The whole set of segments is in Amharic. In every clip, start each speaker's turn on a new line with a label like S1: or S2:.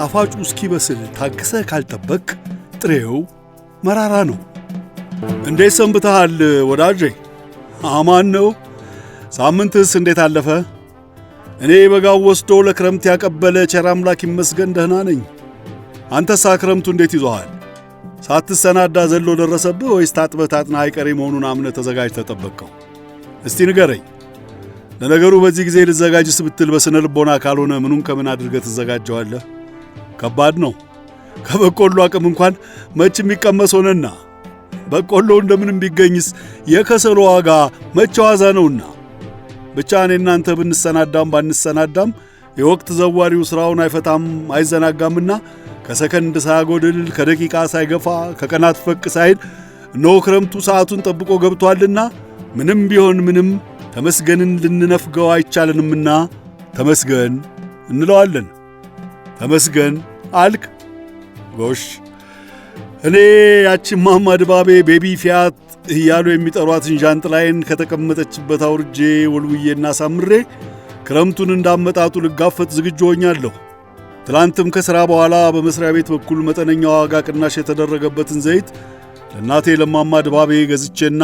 S1: ጣፋጩ እስኪበስል ታግሰ ካልጠበቅ ጥሬው መራራ ነው። እንዴት ሰንብተሃል ወዳጄ? አማን ነው። ሳምንትስ እንዴት አለፈ? እኔ በጋው ወስዶ ለክረምት ያቀበለ ቸር አምላክ ይመስገን ደህና ነኝ። አንተሳ ክረምቱ እንዴት ይዞሃል? ሳትሰናዳ ዘሎ ደረሰብህ ወይስ ታጥበህ ታጥና አይቀሬ መሆኑን አምነህ ተዘጋጅ ተጠበቀው? እስቲ ንገረኝ። ለነገሩ በዚህ ጊዜ ልዘጋጅስ ብትል በስነ ልቦና ካልሆነ ምኑን ከምን አድርገህ ትዘጋጀዋለህ? ከባድ ነው። ከበቆሎ አቅም እንኳን መች የሚቀመስ ሆነና በቆሎ እንደምንም ቢገኝስ የከሰሉ ዋጋ መቼ ዋዛ ነውና ብቻ እኔ እናንተ ብንሰናዳም ባንሰናዳም የወቅት ዘዋሪው ሥራውን አይፈታም አይዘናጋምና ከሰከንድ ሳያጎድል ከደቂቃ ሳይገፋ ከቀናት ፈቅ ሳይል እነሆ ክረምቱ ሰዓቱን ጠብቆ ገብቶአልና ምንም ቢሆን ምንም ተመስገንን ልንነፍገው አይቻለንምና ተመስገን እንለዋለን። ተመስገን አልክ ጎሽ እኔ ያቺ ማማ ድባቤ ቤቢ ፊያት እያሉ የሚጠሯትን ዣንጥላዬን ከተቀመጠችበት አውርጄ ወልውዬና ሳምሬ ክረምቱን እንዳመጣጡ ልጋፈጥ ዝግጁ ሆኛለሁ። ትላንትም ከሥራ በኋላ በመሥሪያ ቤት በኩል መጠነኛ ዋጋ ቅናሽ የተደረገበትን ዘይት ለእናቴ ለማማ ድባቤ ገዝቼና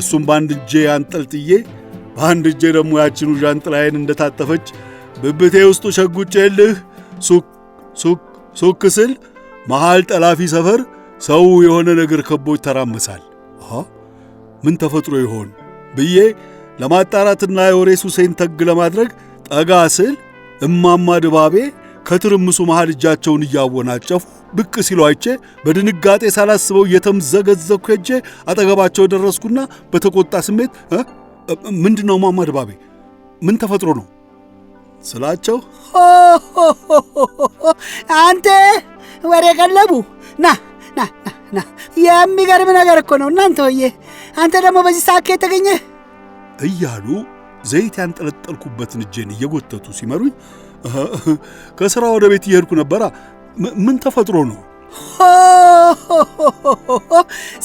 S1: እሱም በአንድ እጄ አንጠልጥዬ በአንድ እጄ ደግሞ ያችኑ ዣንጥላዬን እንደታጠፈች ብብቴ ውስጡ ሸጉጬልህ ሱቅ ሱቅ ሱክ ስል መሃል ጠላፊ ሰፈር ሰው የሆነ ነገር ከቦ ተራምሳል። ምን ተፈጥሮ ይሆን ብዬ ለማጣራትና የወሬ ሱሴን ተግ ለማድረግ ጠጋ ስል እማማ ድባቤ ከትርምሱ መሃል እጃቸውን እያወናጨፉ ብቅ ሲሉ አይቼ በድንጋጤ ሳላስበው እየተምዘገዘኩ ሄጄ አጠገባቸው ደረስኩና በተቆጣ ስሜት ምንድን ነው እማማ ድባቤ ምን ተፈጥሮ ነው
S2: ስላቸው አንተ ወሬ ቀለቡ ና ና ና፣ የሚገርም ነገር እኮ ነው እናንተ ወዬ፣ አንተ ደግሞ በዚህ ሰዓት የተገኘ
S1: እያሉ ዘይት ያንጠለጠልኩበትን እጄን እየጎተቱ ሲመሩኝ ከሥራ ወደ ቤት እየሄድኩ ነበራ። ምን ተፈጥሮ ነው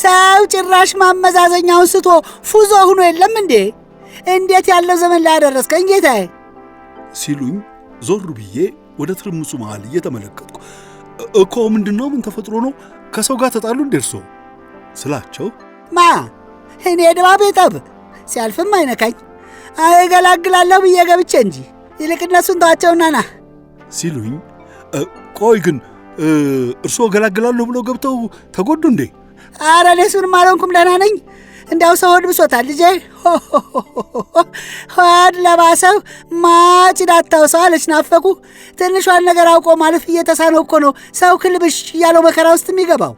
S2: ሰው ጭራሽ ማመዛዘኛውን ስቶ ፉዞ ሁኖ የለም እንዴ! እንዴት ያለው ዘመን ላይ አደረስከኝ ጌታዬ።
S1: ሲሉኝ ዞር ብዬ ወደ ትርምሱ መሃል እየተመለከትኩ እኮ ምንድነው ምን ተፈጥሮ ነው? ከሰው ጋር ተጣሉ እንደርሶ ስላቸው
S2: ማ እኔ ድባቤ ጠብ ሲያልፍም አይነካኝ እገላግላለሁ ብዬ ገብቼ እንጂ ይልቅ እነሱን ተዋቸውና ና
S1: ሲሉኝ፣ ቆይ ግን እርስዎ እገላግላለሁ ብሎ ገብተው ተጎዱ እንዴ?
S2: አረ እኔ እሱንም አልሆንኩም፣ ደህና ነኝ። እንዲያው ሰውን ብሶታል ልጄ። ሆድ ለባሰው ማጭን አታውሰው አለች ናፈቁ። ትንሿን ነገር አውቆ ማለፍ እየተሳነው እኮ ነው ሰው ክልብሽ እያለው መከራ ውስጥ የሚገባው።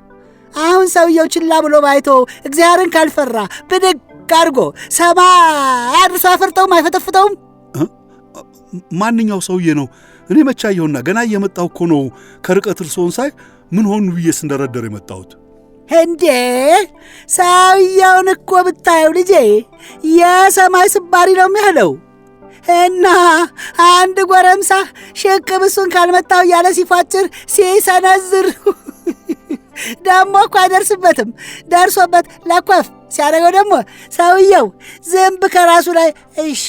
S2: አሁን ሰውየው ችላ ብሎ ባይቶ እግዚአብሔርን ካልፈራ ብድግ አድርጎ ሰማ አድርሶ አፈርጠውም አይፈጠፍጠውም።
S1: ማንኛው ሰውዬ ነው? እኔ መቻየሁና ገና እየመጣው እኮ ነው። ከርቀት እርስዎን ሳይ ምን ሆኑ ብዬ ስንደረደር የመጣሁት
S2: እንዴ ሰውየውን እኮ ብታየው ልጄ የሰማይ ስባሪ ነው የሚያለው። እና አንድ ጎረምሳ ሽቅ ብሱን ካልመታው እያለ ሲፏጭር ሲሰነዝር ደግሞ እኮ አይደርስበትም። ደርሶበት ለኮፍ ሲያደርገው ደግሞ ሰውየው ዝንብ ከራሱ ላይ እሽ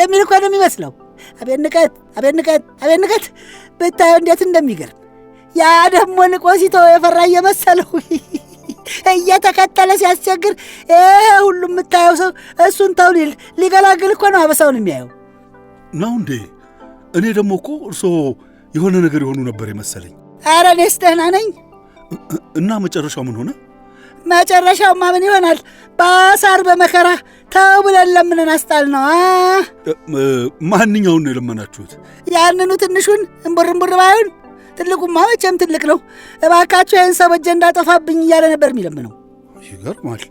S2: የሚል እኮ ነው የሚመስለው። አቤት ንቀት! አቤት ንቀት! አቤት ንቀት! እንዴት እንደሚገርም ያ ደግሞ ንቆ ሲተው የፈራ እየመሰለው እየተከተለ ሲያስቸግር ሁሉ የምታየው ሰው እሱን ተው ሊል ሊገላግል እኮ ነው አበሳውን የሚያየው
S1: ነው እንዴ? እኔ ደግሞ እኮ እርስዎ የሆነ ነገር የሆኑ ነበር የመሰለኝ።
S2: ኧረ እኔስ ደህና ነኝ።
S1: እና መጨረሻው ምን ሆነ?
S2: መጨረሻውማ ምን ይሆናል? በአሳር በመከራ ተው ብለን ለምንን አስጣል ነው።
S1: ማንኛውን ነው የለመናችሁት?
S2: ያንኑ ትንሹን እምቡር እምቡር ባዩን ትልቁማ መቼም ትልቅ ነው። እባካችሁ ይህን ሰው በጀ እንዳጠፋብኝ እያለ ነበር የሚለምነው። ይገርማል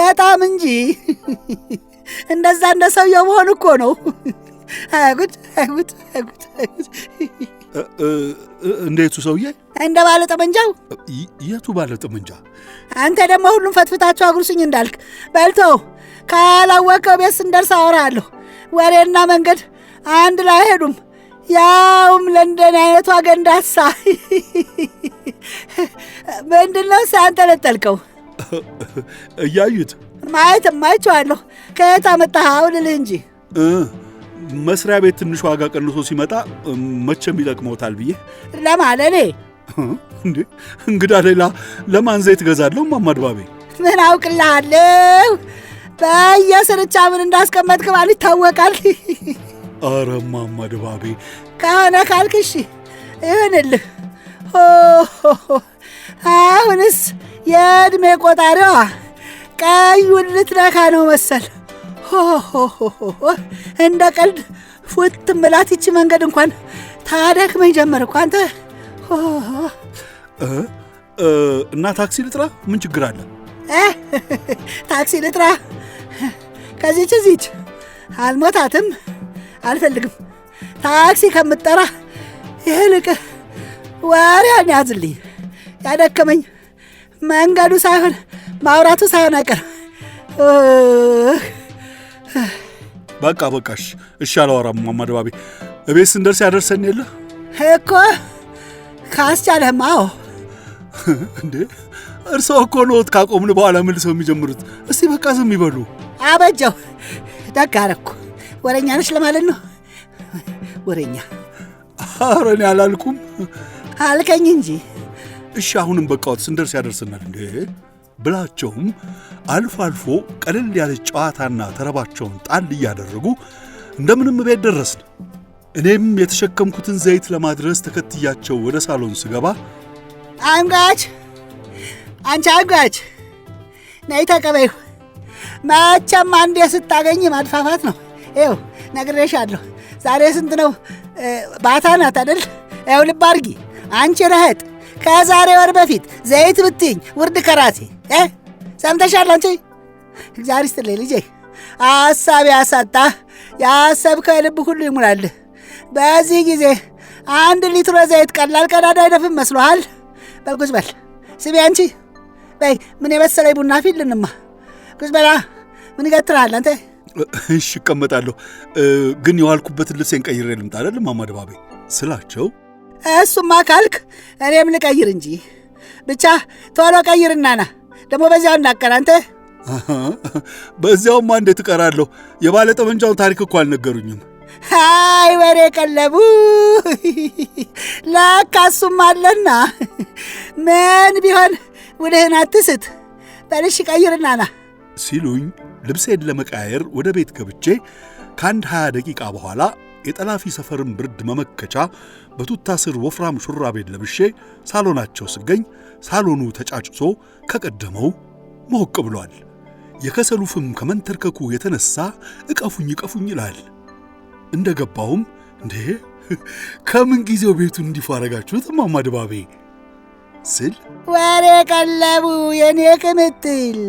S2: በጣም እንጂ እንደዛ እንደ ሰውየው መሆን እኮ ነው። አጉድ አጉድ አጉድ እንዴቱ ሰውዬ እንደ ባለ ጠመንጃው።
S1: የቱ ባለ ጠመንጃ?
S2: አንተ ደግሞ ሁሉም ፈትፍታችሁ አጉርሱኝ እንዳልክ በልቶ ካላወቀው ቤት ስንደርስ አወራለሁ። ወሬና መንገድ አንድ ላይ አይሄዱም። ያውም ለንደን አይነቱ አገንዳሳ ምንድን ነው ሳያንጠለጠልከው? እያዩት ማየት የማይችዋለሁ። ከየት አመጣኸው ልልህ እንጂ
S1: መስሪያ ቤት ትንሽ ዋጋ ቀንሶ ሲመጣ መቼም ይጠቅመውታል ብዬ ለማለኔ እንዴ እንግዳ ሌላ ለማን ዘይት ገዛለሁ? ማማድባቤ
S2: ምን አውቅልሃለሁ። በየስርቻ ምን እንዳስቀመጥክ ባል ይታወቃል።
S1: ኧረ እማማ ድባቤ
S2: ካህና ካልክሽ ይሁንልህ። አሁንስ የዕድሜ ቆጣሪዋ ቀዩን ልትነካ ነው መሰል። እንደ ቀልድ ፉት ምላት ይቺ መንገድ እንኳን ታደክመኝ ጀመር እኮ አንተ።
S1: እና ታክሲ ልጥራ? ምን ችግር አለ?
S2: ታክሲ ልጥራ። ከዚች እዚች አልሞታትም። አልፈልግም። ታክሲ ከምጠራ ይህልቅ ወሬን ያዝልኝ። ያደከመኝ መንገዱ ሳይሆን ማውራቱ ሳይሆን አይቀር።
S1: በቃ በቃሽ፣ እሺ አላወራም። ማማ ድባቤ እቤት ስንደርስ ያደርሰን የለ
S2: እኮ ካስቻለህም። አዎ
S1: እንዴ እርስዎ እኮ ኖት ካቆምን በኋላ መልሰው የሚጀምሩት። እስቲ በቃ ዝም ይበሉ።
S2: አበጀው ደግ አደረኩ። ወረኛ ነች ለማለት ነው። ወረኛ
S1: ኧረ እኔ አላልኩም። አልከኝ እንጂ። እሺ አሁንም በቃዎት ስንደርስ ያደርስናል እንዴ ብላቸውም አልፎ አልፎ ቀለል ያለ ጨዋታና ተረባቸውን ጣል እያደረጉ እንደምንም ቤት ደረስን። እኔም የተሸከምኩትን ዘይት ለማድረስ ተከትያቸው ወደ ሳሎን ስገባ
S2: አንጓች፣ አንቺ አንጓች ነይ ተቀበይሁ። መቼም አንዴ ስታገኝ ማድፋፋት ነው። ይኸው ነግሬሻለሁ። ዛሬ ስንት ነው? ባታ ናት አደል? ይኸው ልብ አድርጊ አንቺ ረህጥ ከዛሬ ወር በፊት ዘይት ብትኝ ውርድ ከራሴ ሰምተሻል። አንቺ እግዚአብሔር ይስጥልኝ ልጄ፣ አሳብ ያሳጣ የአሰብ ከልብ ሁሉ ይሙላል። በዚህ ጊዜ አንድ ሊትሮ ዘይት ቀላል ቀዳዳ አይደፍም መስሎሃል? በል ቁጭ በል ስቢ። አንቺ በይ ምን የመሰለኝ ቡና ፊልንማ ቁጭ በላ። ምን ይገትርሃል አንተ?
S1: እሺ እቀመጣለሁ፣ ግን የዋልኩበትን ልብሴን ቀይሬ ልምጣ አይደል እማማ ድባቤ ስላቸው፣
S2: እሱማ ካልክ እኔም ልቀይር እንጂ ብቻ ቶሎ ቀይርና ና። ደግሞ በዚያው እናቀር አንተ።
S1: በዚያውማ እንዴት እቀራለሁ? የባለ ጠመንጃውን ታሪክ እኮ አልነገሩኝም።
S2: አይ ወሬ ቀለቡ እሱም አለና ምን ቢሆን ውልህን አትስት፣ በልሽ ቀይርና ና
S1: ሲሉኝ ልብሴን ለመቀያየር ወደ ቤት ገብቼ ከአንድ 20 ደቂቃ በኋላ የጠላፊ ሰፈርን ብርድ መመከቻ በቱታ ስር ወፍራም ሹራቤን ለብሼ ሳሎናቸው ስገኝ ሳሎኑ ተጫጭሶ ከቀደመው ሞቅ ብሏል። የከሰሉ ፍም ከመንተርከኩ የተነሳ እቀፉኝ እቀፉኝ ይላል። እንደ ገባውም እንዴ ከምን ጊዜው ቤቱን እንዲፋረጋችሁት አረጋችሁት እማማ ድባቤ ስል
S2: ወሬ ቀለቡ የኔ ቅምጥል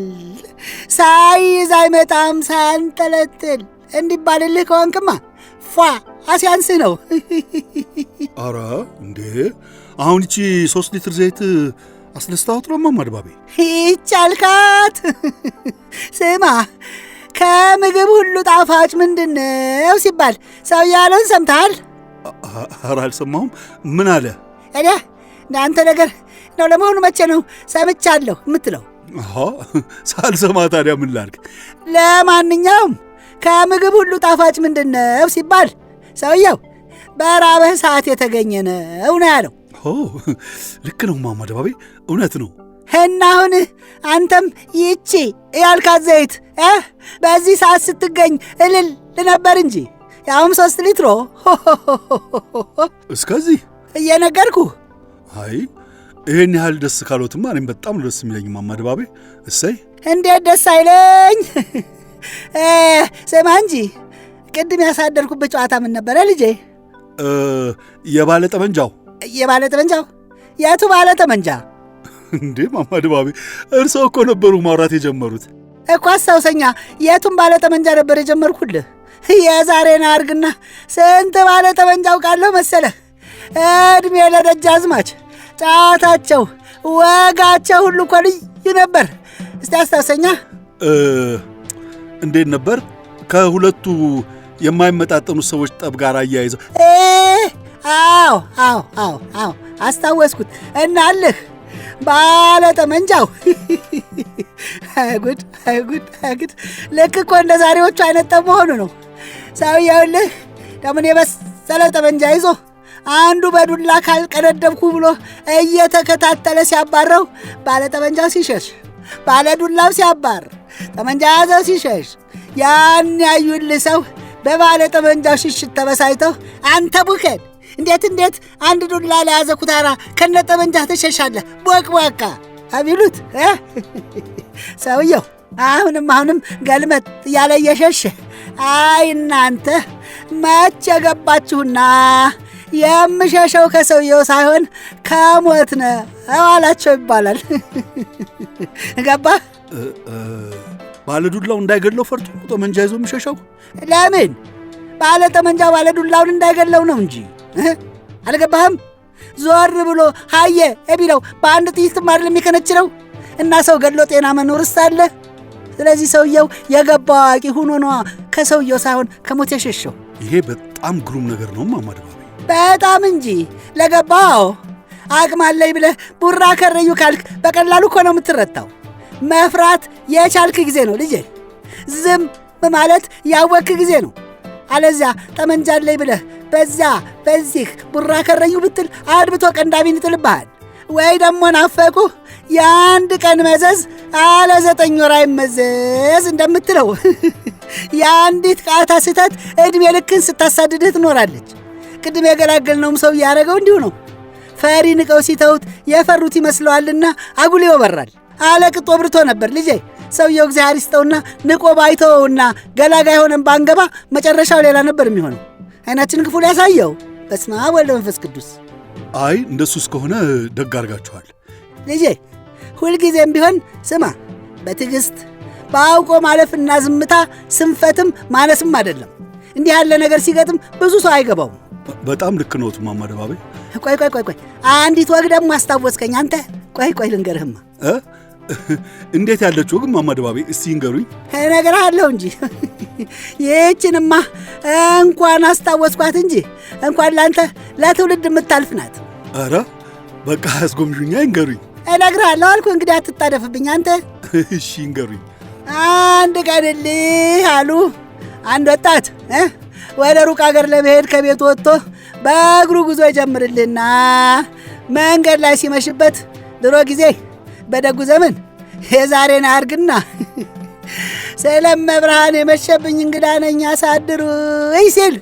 S2: ሳይዝ አይመጣም ሳያንጠለጥል እንዲባልልህ ከሆንክማ ፏ አሲያንስ ነው።
S1: አረ እንዴ! አሁን ይቺ ሶስት ሊትር ዘይት አስነስታወት ነው እማማ
S2: ይቻልካት ስማ፣ ከምግብ ሁሉ ጣፋጭ ምንድን ነው ሲባል ሰው ያለን ሰምተሃል?
S1: አረ አልሰማሁም። ምን አለ?
S2: እኔ እንዳንተ ነገር ነው። ለመሆኑ መቼ ነው ሰምቻለሁ የምትለው?
S1: ሳልሰማ ታዲያ ምን ላድርግ?
S2: ለማንኛውም ከምግብ ሁሉ ጣፋጭ ምንድን ነው ሲባል ሰውየው በራበህ ሰዓት የተገኘ ነው ነው ያለው።
S1: ልክ ነው ማማ ደባቤ፣ እውነት ነው።
S2: እና አሁን አንተም ይቺ ያልካት ዘይት በዚህ ሰዓት ስትገኝ እልል ልነበር እንጂ ያውም ሶስት ሊትሮ እስከዚህ እየነገርኩ
S1: አይ ይሄን ያህል ደስ ካሎትማ እኔም በጣም ደስ የሚለኝ ማማ ድባቤ። እሰይ
S2: እንዴት ደስ አይለኝ! ስማ እንጂ ቅድም ያሳደርኩበት ጨዋታ ምን ነበረ ልጄ?
S1: የባለ ጠመንጃው
S2: የባለ ጠመንጃው የቱ ባለ ጠመንጃ?
S1: እንዴ ማማ ድባቤ እርስዎ እኮ ነበሩ ማውራት የጀመሩት
S2: እኮ አስታውሰኛ። የቱን ባለ ጠመንጃ ነበር የጀመርኩልህ? የዛሬን አርግና ስንት ባለ ጠመንጃ አውቃለሁ መሰለህ? እድሜ ለደጃዝማች ጫታቸው፣ ወጋቸው ሁሉ እኮ ልዩ ነበር። እስቲ አስታውሰኛ።
S1: እንዴት ነበር? ከሁለቱ የማይመጣጠኑ ሰዎች ጠብ ጋር አያይዘው።
S2: አዎ አዎ አዎ አዎ አስታወስኩት። እናልህ ባለ ጠመንጃው አይጉድ አይጉድ ጉድ! ልክ እኮ እንደ ዛሬዎቹ አይነት ጠብ መሆኑ ነው። ሰውየውልህ ደምን የመሰለ ጠመንጃ ይዞ አንዱ በዱላ ካልቀደደብኩ ብሎ እየተከታተለ ሲያባረው፣ ባለ ጠመንጃ ሲሸሽ፣ ባለ ዱላም ሲያባር፣ ጠመንጃ ያዘ ሲሸሽ፣ ያን ያዩል ሰው በባለ ጠመንጃው ሽሽት ተበሳይተው አንተ ቡከን እንዴት እንዴት አንድ ዱላ ለያዘ ኩታራ ከነ ጠመንጃ ተሸሻለ ቦቅ ቦቃ አቢሉት ሰውየው አሁንም አሁንም ገልመጥ እያለ እየሸሸ አይ እናንተ መች የገባችሁና የምሸሸው ከሰውየው ሳይሆን ከሞት ነው አላቸው ይባላል። ገባ
S1: ባለዱላው እንዳይገድለው ፈርቶ ጠመንጃ ይዞ የምሸሸው
S2: ለምን? ባለ ጠመንጃ ባለዱላውን እንዳይገድለው ነው እንጂ አልገባህም? ዞር ብሎ ሀየ ቢለው በአንድ ጥይት ማድል የሚከነችለው እና ሰው ገድሎ ጤና መኖር አለ? ስለዚህ ሰውየው የገባ አዋቂ ሁኖ ነዋ ከሰውየው ሳይሆን ከሞት የሸሸው።
S1: ይሄ በጣም ግሩም ነገር ነው ማማድ
S2: በጣም እንጂ ለገባው አቅም አለኝ ብለህ ቡራ ከረዩ ካልክ በቀላሉ እኮ ነው የምትረታው። መፍራት የቻልክ ጊዜ ነው ልጄ፣ ዝም በማለት ያወክ ጊዜ ነው። አለዚያ ጠመንጃ አለኝ ብለህ በዚያ በዚህ ቡራ ከረዩ ብትል አድብቶ ቀንዳቢን ይጥልብሃል። ወይ ደግሞ ናፈቁ የአንድ ቀን መዘዝ አለ ዘጠኝ ወር አይመዘዝ እንደምትለው የአንዲት ቃታ ስህተት ዕድሜ ልክን ስታሳድድህ ትኖራለች። ቅድም ያገላገልነውም ሰው እያደረገው እንዲሁ ነው። ፈሪ ንቀው ሲተውት የፈሩት ይመስለዋልና አጉል ይወበራል። አለቅጦ ብርቶ ነበር ልጄ። ሰውየው እግዚአብሔር ይስጠውና ንቆ ባይተወውና ገላጋ የሆነን ባንገባ መጨረሻው ሌላ ነበር የሚሆነው። አይናችን ክፉ ሊያሳየው። በስመ አብ ወልደ መንፈስ ቅዱስ።
S1: አይ እንደሱስ ከሆነ ደግ አድርጋችኋል
S2: ልጄ። ሁልጊዜም ቢሆን ስማ፣ በትዕግሥት በአውቆ ማለፍና ዝምታ ስንፈትም ማነስም አይደለም። እንዲህ ያለ ነገር ሲገጥም ብዙ ሰው አይገባውም።
S1: በጣም ልክ ነው እማማ ደባቤ።
S2: ቆይ ቆይ ቆይ ቆይ አንዲት ወግ ደግሞ አስታወስከኝ አንተ። ቆይ ቆይ ልንገርህማ።
S1: እንዴት ያለች ወግ እማማ ደባቤ? እስቲ ይንገሩኝ።
S2: ነገር አለው እንጂ ይህችንማ እንኳን አስታወስኳት እንጂ እንኳን ለአንተ ለትውልድ የምታልፍ ናት።
S1: ኧረ በቃ አስጎምዡኛ፣ ይንገሩኝ።
S2: እነግርሃለሁ አልኩ እንግዲህ አትጣደፍብኝ አንተ።
S1: እሺ ይንገሩኝ።
S2: አንድ ቀንልህ አሉ አንድ ወጣት ወደ ሩቅ አገር ለመሄድ ከቤት ወጥቶ በእግሩ ጉዞ ይጀምርልና መንገድ ላይ ሲመሽበት ድሮ ጊዜ በደጉ ዘመን የዛሬን አርግና ስለም መብርሃን የመሸብኝ እንግዳ ነኝ አሳድሩ ይሲል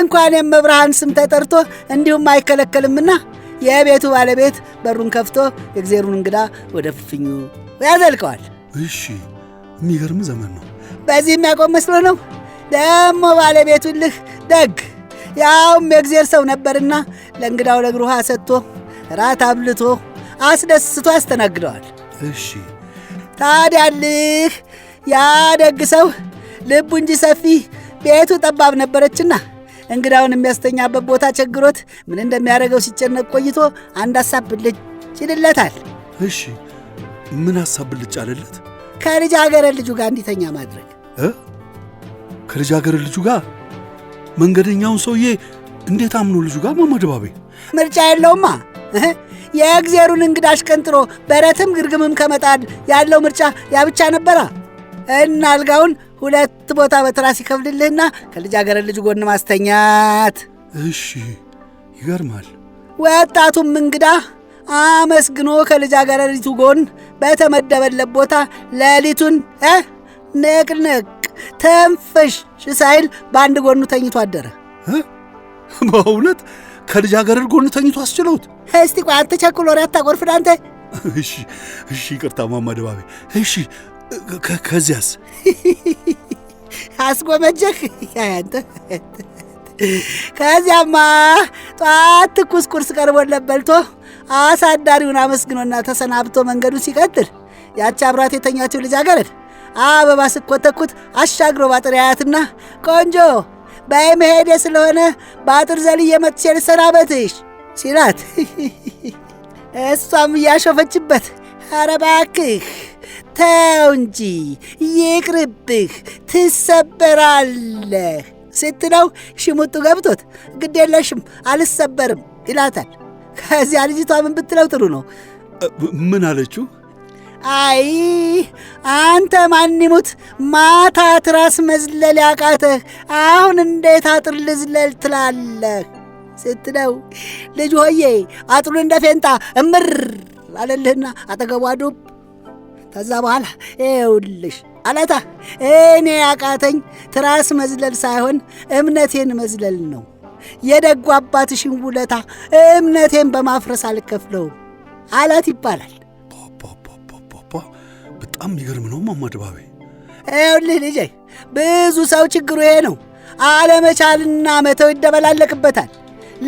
S2: እንኳን የመብርሃን ስም ተጠርቶ እንዲሁም አይከለከልምና የቤቱ ባለቤት በሩን ከፍቶ የእግዜሩን እንግዳ ወደ ፍፍኙ ያዘልቀዋል።
S1: እሺ፣ የሚገርም ዘመን ነው።
S2: በዚህ የሚያቆም መስሎ ነው ደሞ ባለቤቱልህ ደግ ያውም የእግዜር ሰው ነበርና ለእንግዳው ለእግር ውሃ ሰጥቶ ራት አብልቶ አስደስቶ አስተናግደዋል። እሺ ታዲያልህ ያ ደግ ሰው ልቡ እንጂ ሰፊ ቤቱ ጠባብ ነበረችና እንግዳውን የሚያስተኛበት ቦታ ቸግሮት ምን እንደሚያደርገው ሲጨነቅ ቆይቶ አንድ ሀሳብ ብልጭ ይልለታል።
S1: እሺ ምን ሀሳብ ብልጭ አለለት?
S2: አገረ ልጁ ጋር እንዲተኛ ማድረግ
S1: ከልጃገር ልጁ ጋር መንገደኛውን ሰውዬ እንዴት አምኖ ልጁ ጋር ማማደባቤ
S2: ምርጫ የለውማ። የእግዜሩን እንግዳ አሽቀንጥሮ በረትም ግርግምም ከመጣድ ያለው ምርጫ ያብቻ ነበራ እና አልጋውን ሁለት ቦታ በትራስ ይከፍልልህና ከልጃገር ልጁ ጎን ማስተኛት።
S1: እሺ፣ ይገርማል።
S2: ወጣቱም እንግዳ አመስግኖ ከልጃገረሪቱ ጎን በተመደበለት ቦታ ሌሊቱን ንቅንቅ ተንፈሽ ሳይል በአንድ ጎኑ ተኝቶ አደረ።
S1: በእውነት ከልጃገረድ ጎኑ ተኝቶ አስችለውት።
S2: እስቲ ቆይ አትቸኩል፣ ወሬ አታቆርፍን አንተ።
S1: እሺ እሺ፣ ይቅርታ ማማ ደባቤ። እሺ ከዚያስ
S2: አስጎመጀህ አንተ። ከዚያማ ጠዋት ትኩስ ቁርስ ቀርቦለት በልቶ አሳዳሪውን አመስግኖና ተሰናብቶ መንገዱን ሲቀጥል ያቺ አብራት የተኛችው ልጃገረድ አበባ ስኮተኩት አሻግሮ ባጥር ያያትና ቆንጆ በይ መሄዴ ስለሆነ በአጥር ዘልዬ መጥቼ ልሰናበትሽ ሲላት እሷም እያሾፈችበት ኧረ እባክህ ተው እንጂ ይቅርብህ፣ ትሰበራለህ ስትለው ሽሙጡ ገብቶት ግድ የለሽም አልሰበርም ይላታል። ከዚያ ልጅቷ ምን ብትለው ጥሩ ነው? ምን አለችው? አይ አንተ ማንሙት ማታ ትራስ መዝለል ያቃተህ አሁን እንዴት አጥር ልዝለል ትላለህ? ስትለው ልጅ ሆዬ አጥሩ እንደ ፌንጣ እምር አለልህና አጠገቧ ዱብ። ከዛ በኋላ ይኸውልሽ አለታ እኔ ያቃተኝ ትራስ መዝለል ሳይሆን እምነቴን መዝለል ነው። የደጉ አባትሽን ውለታ እምነቴን በማፍረስ አልከፍለውም አላት ይባላል።
S1: በጣም የሚገርም ነው እማማ ድባቤ።
S2: ይኸውልህ ልጄ፣ ብዙ ሰው ችግሩ ይሄ ነው። አለመቻልና መተው ይደበላለቅበታል።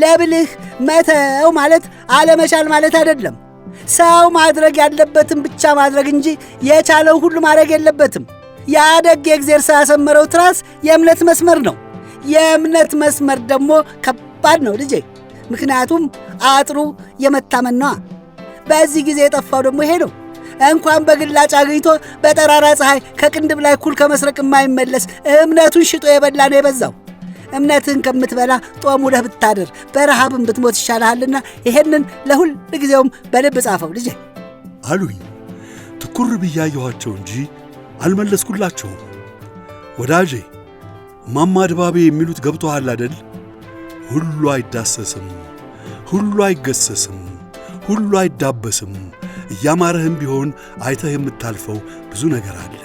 S2: ለብልህ መተው ማለት አለመቻል ማለት አይደለም። ሰው ማድረግ ያለበትም ብቻ ማድረግ እንጂ የቻለው ሁሉ ማድረግ የለበትም። የአደግ የእግዜር ሰው ያሰመረው ትራስ የእምነት መስመር ነው። የእምነት መስመር ደግሞ ከባድ ነው ልጄ፣ ምክንያቱም አጥሩ የመታመን ነዋ። በዚህ ጊዜ የጠፋው ደግሞ ይሄ ነው። እንኳን በግላጭ አግኝቶ በጠራራ ፀሐይ ከቅንድብ ላይ ኩል ከመስረቅ የማይመለስ እምነቱን ሽጦ የበላ ነው የበዛው። እምነትህን ከምትበላ ጦም ውለህ ብታድር በረሃብን ብትሞት ይሻልሃልና ይሄንን ለሁል ጊዜውም በልብ ጻፈው ልጄ
S1: አሉኝ። ትኩር ብያየኋቸው እንጂ አልመለስኩላቸውም። ወዳጄ ማማ ድባቤ የሚሉት ገብቶሃል አደል? ሁሉ አይዳሰስም፣ ሁሉ አይገሰስም፣ ሁሉ አይዳበስም እያማረህም ቢሆን አይተህ የምታልፈው ብዙ ነገር አለ።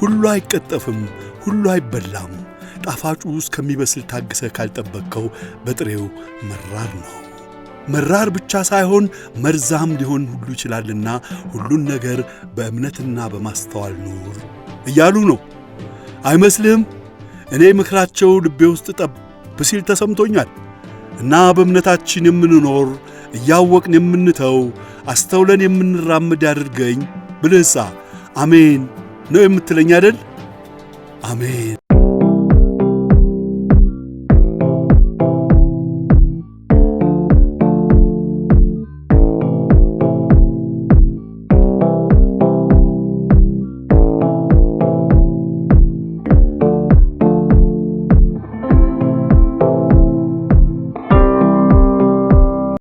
S1: ሁሉ አይቀጠፍም፣ ሁሉ አይበላም። ጣፋጩ እስከሚበስል ታግሰህ ካልጠበቅከው በጥሬው መራር ነው። መራር ብቻ ሳይሆን መርዛም ሊሆን ሁሉ ይችላልና ሁሉን ነገር በእምነትና በማስተዋል ኑር እያሉ ነው። አይመስልህም? እኔ ምክራቸው ልቤ ውስጥ ጠብ ሲል ተሰምቶኛል እና በእምነታችን የምንኖር እያወቅን የምንተው አስተውለን የምንራምድ አድርገኝ ብልህሳ አሜን ነው የምትለኝ አይደል? አሜን።